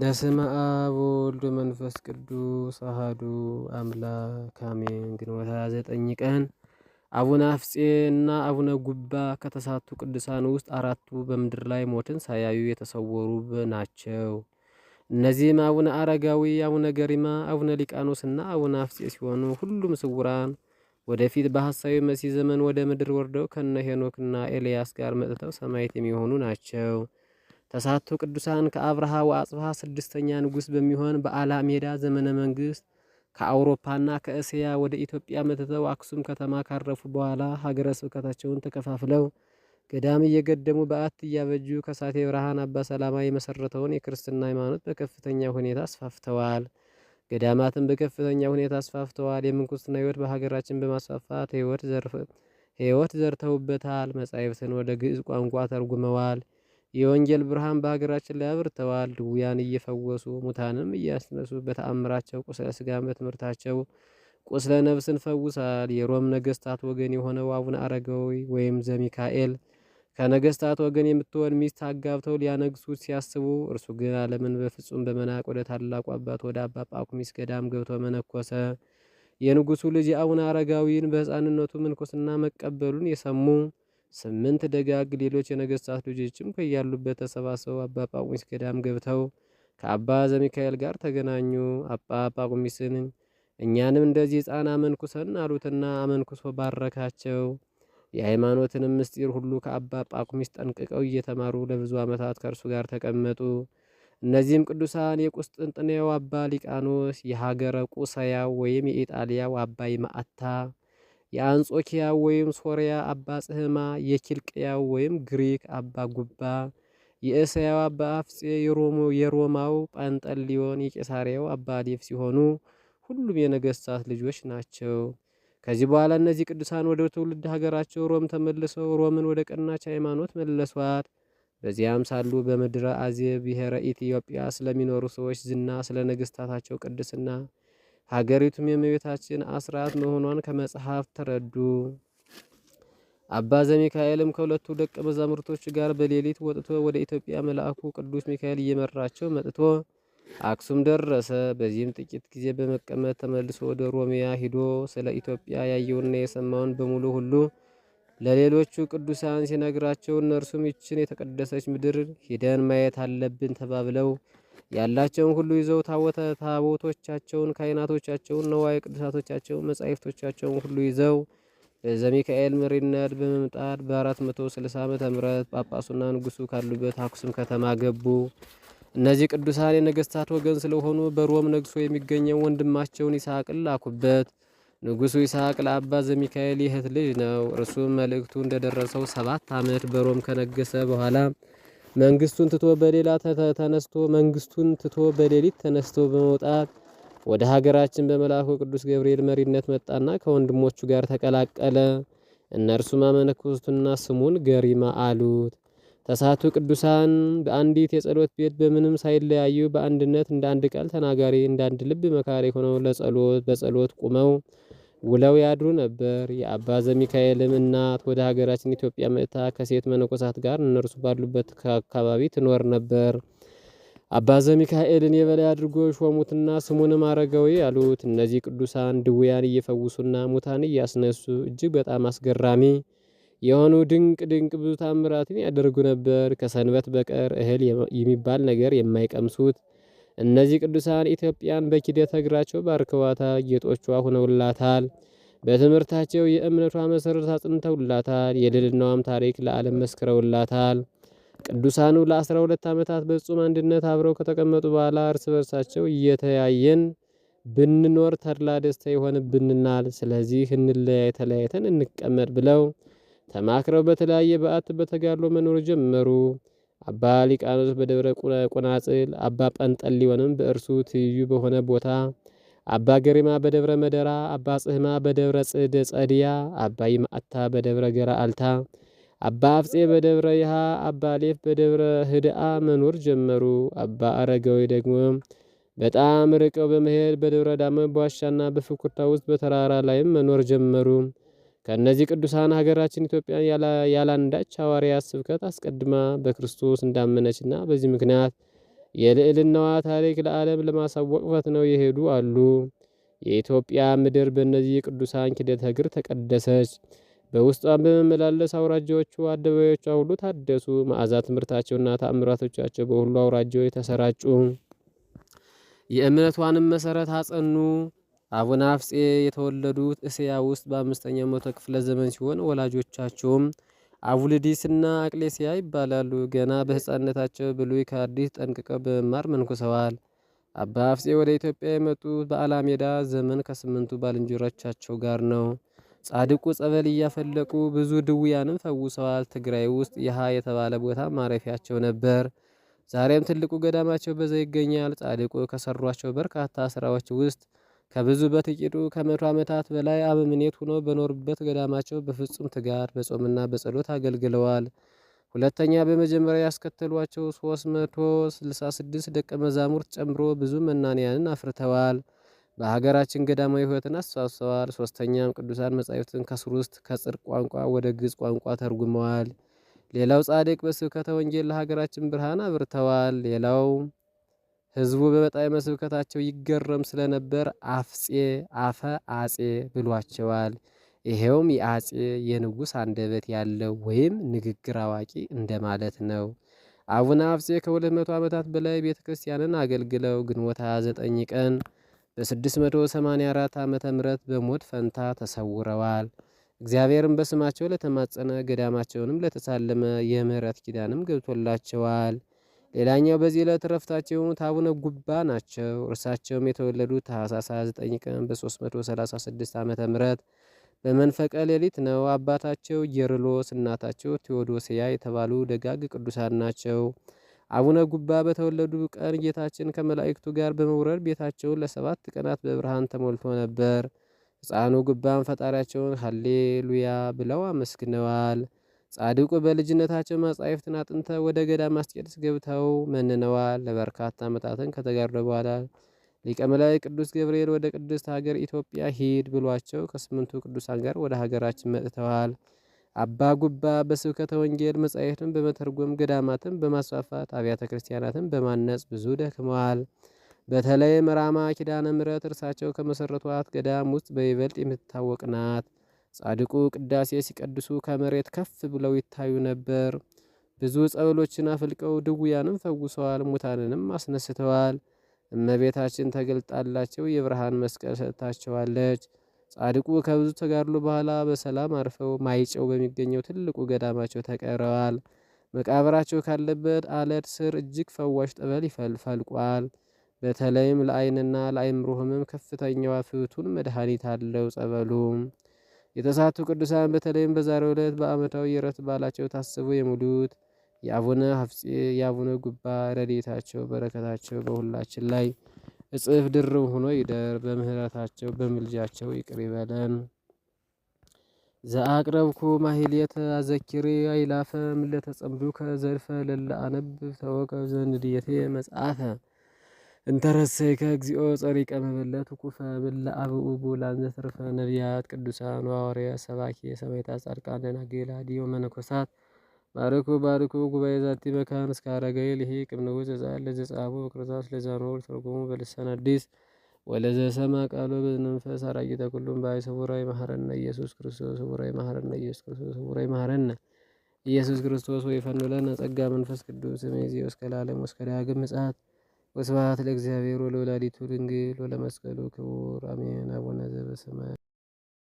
በስመ አብ ወወልድ ወመንፈስ ቅዱስ አሃዱ አምላክ አሜን። ግንቦት 29 ቀን አቡነ አፍጼ እና አቡነ ጉባ ከተሳቱ ቅዱሳን ውስጥ አራቱ በምድር ላይ ሞትን ሳያዩ የተሰወሩ ናቸው። እነዚህም አቡነ አረጋዊ፣ አቡነ ገሪማ፣ አቡነ ሊቃኖስ እና አቡነ አፍጼ ሲሆኑ ሁሉም ስውራን ወደፊት በሐሳዊ መሲህ ዘመን ወደ ምድር ወርደው ከነ ሄኖክና ኤልያስ ጋር መጥተው ሰማዕት የሚሆኑ ናቸው። ተሳቶ ቅዱሳን ከአብርሃ ወአጽብሃ ስድስተኛ ንጉሥ በሚሆን በአላ ሜዳ ዘመነ መንግስት ከአውሮፓና ከእስያ ወደ ኢትዮጵያ መጥተው አክሱም ከተማ ካረፉ በኋላ ሀገረ ስብከታቸውን ተከፋፍለው ገዳም እየገደሙ በዓት እያበጁ ከሳቴ ብርሃን አባ ሰላማ የመሰረተውን የክርስትና ሃይማኖት በከፍተኛ ሁኔታ አስፋፍተዋል። ገዳማትን በከፍተኛ ሁኔታ አስፋፍተዋል። የምንኩስና ሕይወት በሀገራችን በማስፋፋት ሕይወት ዘርተውበታል። መጻሕፍትን ወደ ግዕዝ ቋንቋ ተርጉመዋል። የወንጌል ብርሃን በሀገራችን ላይ አብርተዋል። ድውያን እየፈወሱ ሙታንም እያስነሱ በተአምራቸው ቁስለ ስጋን በትምህርታቸው ቁስለ ነፍስን ፈውሳል። የሮም ነገስታት ወገን የሆነው አቡነ አረጋዊ ወይም ዘሚካኤል ከነገስታት ወገን የምትሆን ሚስት አጋብተው ሊያነግሱት ሲያስቡ እርሱ ግን ዓለምን በፍጹም በመናቅ ወደ ታላቁ አባት ወደ አባ ጳኩሚስ ገዳም ገብቶ መነኮሰ። የንጉሱ ልጅ አቡነ አረጋዊን በሕፃንነቱ ምንኩስና መቀበሉን የሰሙ ስምንት ደጋግ ሌሎች የነገስታት ልጆችም ከያሉበት ተሰባስበው አባ ጳቁሚስ ገዳም ገብተው ከአባ ዘሚካኤል ጋር ተገናኙ። አባ ጳቁሚስን እኛንም እንደዚህ ሕፃን አመንኩሰን አሉትና አመንኩሶ ባረካቸው። የሃይማኖትንም ምስጢር ሁሉ ከአባ ጳቁሚስ ጠንቅቀው እየተማሩ ለብዙ ዓመታት ከእርሱ ጋር ተቀመጡ። እነዚህም ቅዱሳን የቁስጥንጥኔው አባ ሊቃኖስ፣ የሀገረ ቁሰያው ወይም የኢጣሊያው አባይ ማአታ። የአንጾኪያ ወይም ሶርያ አባ ጽህማ፣ የኪልቅያው ወይም ግሪክ አባ ጉባ፣ የእስያው አባ አፍጼ፣ የሮማው ጳንጠሊዮን፣ የቄሳሪያው አባ ሊፍ ሲሆኑ ሁሉም የነገስታት ልጆች ናቸው። ከዚህ በኋላ እነዚህ ቅዱሳን ወደ ትውልድ ሀገራቸው ሮም ተመልሰው ሮምን ወደ ቀናች ሃይማኖት መለሷት። በዚያም ሳሉ በምድረ አዜ ብሔረ ኢትዮጵያ ስለሚኖሩ ሰዎች ዝና፣ ስለ ነገስታታቸው ቅድስና ሀገሪቱም የእመቤታችን አስራት መሆኗን ከመጽሐፍ ተረዱ። አባ ዘሚካኤልም ከሁለቱ ደቀ መዛሙርቶች ጋር በሌሊት ወጥቶ ወደ ኢትዮጵያ መልአኩ ቅዱስ ሚካኤል እየመራቸው መጥቶ አክሱም ደረሰ። በዚህም ጥቂት ጊዜ በመቀመጥ ተመልሶ ወደ ሮሚያ ሂዶ ስለ ኢትዮጵያ ያየውና የሰማውን በሙሉ ሁሉ ለሌሎቹ ቅዱሳን ሲነግራቸው እነርሱም ይችን የተቀደሰች ምድር ሂደን ማየት አለብን ተባብለው ያላቸውን ሁሉ ይዘው ታቦተ ታቦቶቻቸውን ካይናቶቻቸውን ነዋይ ቅዱሳቶቻቸውን መጻሕፍቶቻቸውን ሁሉ ይዘው በዘሚካኤል መሪነት በመምጣት በ460 ዓመተ ምህረት ጳጳሱና ንጉሱ ካሉበት አክሱም ከተማ ገቡ። እነዚህ ቅዱሳን የነገስታት ወገን ስለሆኑ በሮም ነግሶ የሚገኘው ወንድማቸውን ይስሐቅን ላኩበት። ንጉሱ ይስሐቅ ለአባ ዘሚካኤል ይህት ልጅ ነው። እርሱም መልእክቱ እንደደረሰው ሰባት ዓመት በሮም ከነገሰ በኋላ መንግስቱን ትቶ በሌላ ተነስቶ መንግስቱን ትቶ በሌሊት ተነስቶ በመውጣት ወደ ሀገራችን በመልአኩ ቅዱስ ገብርኤል መሪነት መጣና ከወንድሞቹ ጋር ተቀላቀለ። እነርሱ አመነኮሱትና ስሙን ገሪማ አሉት። ተሳቱ ቅዱሳን በአንዲት የጸሎት ቤት በምንም ሳይለያዩ በአንድነት እንደ አንድ ቃል ተናጋሪ እንደ አንድ ልብ መካሪ ሆነው ለጸሎት በጸሎት ቁመው ውለው ያድሩ ነበር። የአባ ዘሚካኤልም እናት ወደ ሀገራችን ኢትዮጵያ መጥታ ከሴት መነኮሳት ጋር እነርሱ ባሉበት አካባቢ ትኖር ነበር። አባ ዘሚካኤልን የበላይ አድርጎ ሾሙትና ስሙንም አረጋዊ ያሉት። እነዚህ ቅዱሳን ድውያን እየፈውሱና ሙታን እያስነሱ እጅግ በጣም አስገራሚ የሆኑ ድንቅ ድንቅ ብዙ ታምራትን ያደርጉ ነበር። ከሰንበት በቀር እህል የሚባል ነገር የማይቀምሱት እነዚህ ቅዱሳን ኢትዮጵያን በኪደተ እግራቸው ባርከዋታ ጌጦቿ ሆነውላታል። በትምህርታቸው የእምነቷ መሰረት አጽንተውላታል። የድልናዋም ታሪክ ለዓለም መስክረውላታል። ቅዱሳኑ ለአስራ ሁለት ዓመታት በጹም አንድነት አብረው ከተቀመጡ በኋላ እርስ በርሳቸው እየተያየን ብንኖር ተድላ ደስታ ይሆንብንናል። ስለዚህ እንለያይ፣ ተለያይተን እንቀመጥ ብለው ተማክረው በተለያየ በዓት በተጋድሎ መኖር ጀመሩ። አባ ሊቃኖስ በደብረ ቁናጽል፣ አባ ጰንጠሊዮንም በእርሱ ትይዩ በሆነ ቦታ፣ አባ ገሪማ በደብረ መደራ፣ አባ ጽህማ በደብረ ጸድያ፣ አባ ይማአታ በደብረ አልታ፣ አባ አፍጼ በደብረ ይሃ፣ አባ ሌፍ በደብረ ህድአ መኖር ጀመሩ። አባ አረጋዊ ደግሞ በጣም ርቀው በመሄድ በደብረ ዳሞ በዋሻና በፍኩርታ ውስጥ በተራራ ላይም መኖር ጀመሩ። ከእነዚህ ቅዱሳን ሀገራችን ኢትዮጵያ ያላንዳች ሐዋርያ ስብከት አስቀድማ በክርስቶስ እንዳመነችና በዚህ ምክንያት የልዕልናዋ ታሪክ ለዓለም ለማሳወቅ ፈትነው የሄዱ አሉ። የኢትዮጵያ ምድር በእነዚህ ቅዱሳን ኪደተ እግር ተቀደሰች። በውስጧን በመመላለስ አውራጃዎቹ አደባባዮቿ ሁሉ ታደሱ። መዓዛ ትምህርታቸውና ተአምራቶቻቸው በሁሉ አውራጃዎች ተሰራጩ። የእምነቷንም መሰረት አጸኑ። አቡነ አፍጼ የተወለዱት እስያ ውስጥ በአምስተኛው መቶ ክፍለ ዘመን ሲሆን ወላጆቻቸውም አቡልዲስና አቅሌስያ ይባላሉ። ገና በሕፃንነታቸው ብሉይ ከአዲስ ጠንቅቀው በመማር መንኩሰዋል። አባ አፍጼ ወደ ኢትዮጵያ የመጡት በአላሜዳ ዘመን ከስምንቱ ባልንጀሮቻቸው ጋር ነው። ጻድቁ ጸበል እያፈለቁ ብዙ ድውያንም ፈውሰዋል። ትግራይ ውስጥ ይሃ የተባለ ቦታ ማረፊያቸው ነበር። ዛሬም ትልቁ ገዳማቸው በዛ ይገኛል። ጻድቁ ከሰሯቸው በርካታ ስራዎች ውስጥ ከብዙ በጥቂቱ ከመቶ ዓመታት በላይ አበምኔት ሆነው በኖሩበት ገዳማቸው በፍጹም ትጋት በጾምና በጸሎት አገልግለዋል። ሁለተኛ በመጀመሪያ ያስከተሏቸው 366 ደቀ መዛሙርት ጨምሮ ብዙ መናንያንን አፍርተዋል። በሀገራችን ገዳማዊ ሕይወትን አስተዋስሰዋል። ሶስተኛም ቅዱሳን መጻሕፍትን ከስር ውስጥ ከጽርቅ ቋንቋ ወደ ግዕዝ ቋንቋ ተርጉመዋል። ሌላው ጻድቅ በስብከተ ወንጌል ለሀገራችን ብርሃን አብርተዋል። ሌላው ህዝቡ በበጣዕመ ስብከታቸው ይገረም ስለነበር አፍጼ አፈ አጼ ብሏቸዋል። ይሄውም የአጼ የንጉሥ አንደበት ያለው ወይም ንግግር አዋቂ እንደማለት ነው። አቡነ አፍጼ ከሁለት መቶ ዓመታት በላይ ቤተ ክርስቲያንን አገልግለው ግንቦት 29 ቀን በ684 ዓ ም በሞት ፈንታ ተሰውረዋል። እግዚአብሔርም በስማቸው ለተማጸነ ገዳማቸውንም ለተሳለመ የምህረት ኪዳንም ገብቶላቸዋል። ሌላኛው በዚህ ዕለት ረፍታቸው የሆኑት አቡነ ጉባ ናቸው። እርሳቸውም የተወለዱት ታኅሳስ 29 ቀን በ336 ዓ ምህረት በመንፈቀ ሌሊት ነው። አባታቸው ጌርሎስ እናታቸው ቴዎዶሲያ የተባሉ ደጋግ ቅዱሳን ናቸው። አቡነ ጉባ በተወለዱ ቀን ጌታችን ከመላእክቱ ጋር በመውረድ ቤታቸውን ለሰባት ቀናት በብርሃን ተሞልቶ ነበር። ሕፃኑ ጉባን ፈጣሪያቸውን ሀሌሉያ ብለው አመስግነዋል። ጻድቁ በልጅነታቸው መጻሕፍትን አጥንተው ወደ ገዳም አስቄጥስ ገብተው መንነዋል። ለበርካታ ዓመታትን ከተጋድሎ በኋላ ሊቀ መላእክት ቅዱስ ገብርኤል ወደ ቅድስት ሀገር ኢትዮጵያ ሂድ ብሏቸው ከስምንቱ ቅዱሳን ጋር ወደ ሀገራችን መጥተዋል። አባ ጉባ በስብከተ ወንጌል መጻሕፍትን በመተርጎም ገዳማትን በማስፋፋት አብያተ ክርስቲያናትን በማነጽ ብዙ ደክመዋል። በተለይም ራማ ኪዳነ ምሕረት እርሳቸው ከመሰረቷት ገዳም ውስጥ በይበልጥ የምትታወቅ ናት። ጻድቁ ቅዳሴ ሲቀድሱ ከመሬት ከፍ ብለው ይታዩ ነበር። ብዙ ጸበሎችን አፍልቀው ድውያንም ፈውሰዋል፣ ሙታንንም አስነስተዋል። እመቤታችን ተገልጣላቸው የብርሃን መስቀል ሰጥታቸዋለች። ጻድቁ ከብዙ ተጋድሎ በኋላ በሰላም አርፈው ማይጨው በሚገኘው ትልቁ ገዳማቸው ተቀረዋል። መቃብራቸው ካለበት አለት ስር እጅግ ፈዋሽ ጠበል ይፈልፈልቋል። በተለይም ለአይንና ለአይምሮ ህመም ከፍተኛዋ ፍቱን መድኃኒት አለው ጸበሉም የተሳቱ ቅዱሳን በተለይም በዛሬው ዕለት በዓመታዊ የዕረፍት በዓላቸው ታስቡ የሙሉት የአቡነ ሀፍፄ የአቡነ ጉባ ረድኤታቸው በረከታቸው በሁላችን ላይ እጽፍ ድርብ ሆኖ ይደር። በምህረታቸው በምልጃቸው ይቅር ይበለን። ዘአቅረብኩ ማህሌተ አዘኪሬ አይላፈ ምለተጸምዱከ ዘልፈ ለላ አነብብ ዘንድየቴ መጽሐፈ እንተረሰይከ እግዚኦ ጸሪቀ መበለት ኩፈ ብለአብኡ ቡላን ዘትርፈ ነቢያት ቅዱሳን ዋወርያ ሰባኪ የሰማዕታት ጻድቃን ደናግል አድዮ መነኮሳት ባርኩ ባርኩ ጉባኤ ዛቲ መካን እስከ አረጋዊ ልሂቅ እምንዑስ ዘጻል ለዘጻቡ በክርስቶስ ለዛኖ ትርጉሙ በልሰን አዲስ ወለዘ ሰማ ቃሎ በዝንንፈስ አራቂተ ኩሉም ባይ ስቡራይ መሐረነ ኢየሱስ ክርስቶስ ስቡራይ መሐረነ ኢየሱስ ክርስቶስ ስቡራይ መሐረነ ኢየሱስ ክርስቶስ ወይ ፈኑ ጸጋ መንፈስ ቅዱስ እምይእዜሰ እስከ ለዓለሙ እስከ ዳግም ምጽአት ወስብሐት ለእግዚአብሔር ወለወላዲቱ ድንግል ወለመስቀሉ ክቡር አሜን። አቡነ ዘበሰማያት